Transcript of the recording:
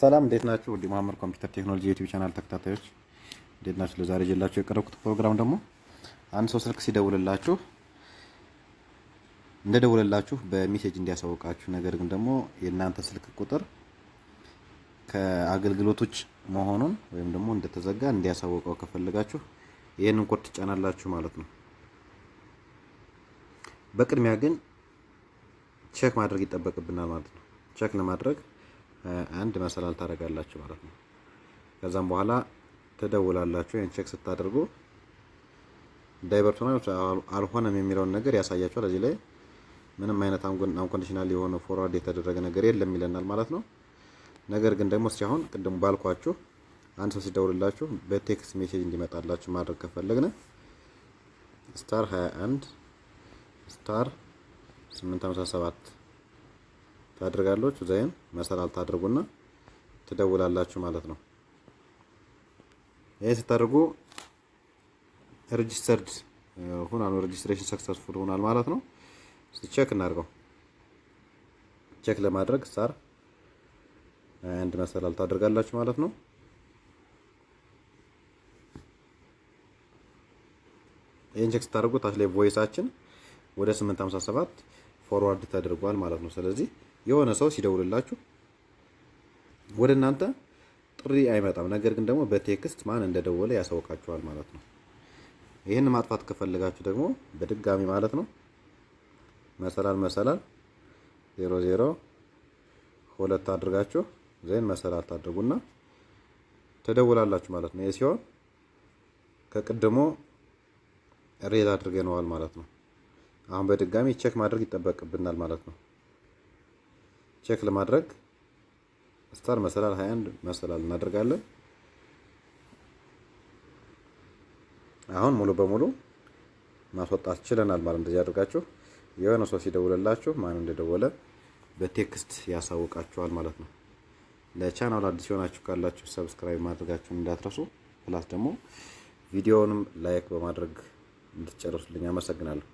ሰላም እንዴት ናችሁ? ወዲ ማመር ኮምፒውተር ቴክኖሎጂ ዩቲዩብ ቻናል ተከታታዮች እንዴት ናችሁ? ለዛሬ ጀላችሁ የቀረብኩት ፕሮግራም ደግሞ አንድ ሰው ስልክ ሲደውልላችሁ እንደደውልላችሁ በሜሴጅ እንዲያሳውቃችሁ፣ ነገር ግን ደግሞ የእናንተ ስልክ ቁጥር ከአገልግሎቶች መሆኑን ወይም ደግሞ እንደተዘጋ እንዲያሳውቀው ከፈለጋችሁ ይህንን ኮድ ትጫናላችሁ ማለት ነው። በቅድሚያ ግን ቼክ ማድረግ ይጠበቅብናል ማለት ነው። ቼክ ለማድረግ አንድ መሰላል ታደርጋላችሁ ማለት ነው። ከዛም በኋላ ትደውላላችሁ። ይህን ቼክ ስታደርጉ ዳይቨርት አልሆነም የሚለውን ነገር ያሳያችኋል። እዚህ ላይ ምንም አይነት አንኮንዲሽናል የሆነ ፎርዋርድ የተደረገ ነገር የለም ይለናል ማለት ነው። ነገር ግን ደግሞ እስኪ አሁን ቅድም ባልኳችሁ አንድ ሰው ሲደውልላችሁ በቴክስት ሜሴጅ እንዲመጣላችሁ ማድረግ ከፈለግን ስታር 21 ስታር 857 ታደርጋላችሁ። ዘይን መሰላል ታድርጉና ትደውላላችሁ ማለት ነው። ይሄ ስታደርጉ ሬጂስተርድ ሆናል፣ ሬጂስትሬሽን ሰክሰስፉል ሆናል ማለት ነው። ቼክ እናድርገው። ቼክ ለማድረግ ሳር አንድ መሰላል ታደርጋላችሁ ማለት ነው። ይህን ቼክ ስታደርጉ ታች ላይ ቮይሳችን ወደ 857 ፎርዋርድ ተደርጓል ማለት ነው። ስለዚህ የሆነ ሰው ሲደውልላችሁ ወደ እናንተ ጥሪ አይመጣም። ነገር ግን ደግሞ በቴክስት ማን እንደደወለ ያሳውቃችኋል ማለት ነው። ይህን ማጥፋት ከፈለጋችሁ ደግሞ በድጋሚ ማለት ነው መሰላል መሰላል ዜሮ ዜሮ ሁለት አድርጋችሁ ዜን መሰላል ታድርጉና ተደውላላችሁ ማለት ነው። ይህ ሲሆን ከቅድሞ ሬዝ አድርገነዋል ማለት ነው። አሁን በድጋሚ ቼክ ማድረግ ይጠበቅብናል ማለት ነው። ቼክ ለማድረግ ስታር መሰላል 21 መሰላል እናደርጋለን። አሁን ሙሉ በሙሉ ማስወጣት ችለናል ማለት እንደዚህ አድርጋችሁ የሆነ ሰው ሲደውልላችሁ ማን እንደደወለ በቴክስት ያሳውቃችኋል ማለት ነው። ለቻናሉ አዲስ የሆናችሁ ካላችሁ ሰብስክራይብ ማድረጋችሁን እንዳትረሱ። ፕላስ ደግሞ ቪዲዮውንም ላይክ በማድረግ እንድትጨርሱልኝ አመሰግናለሁ።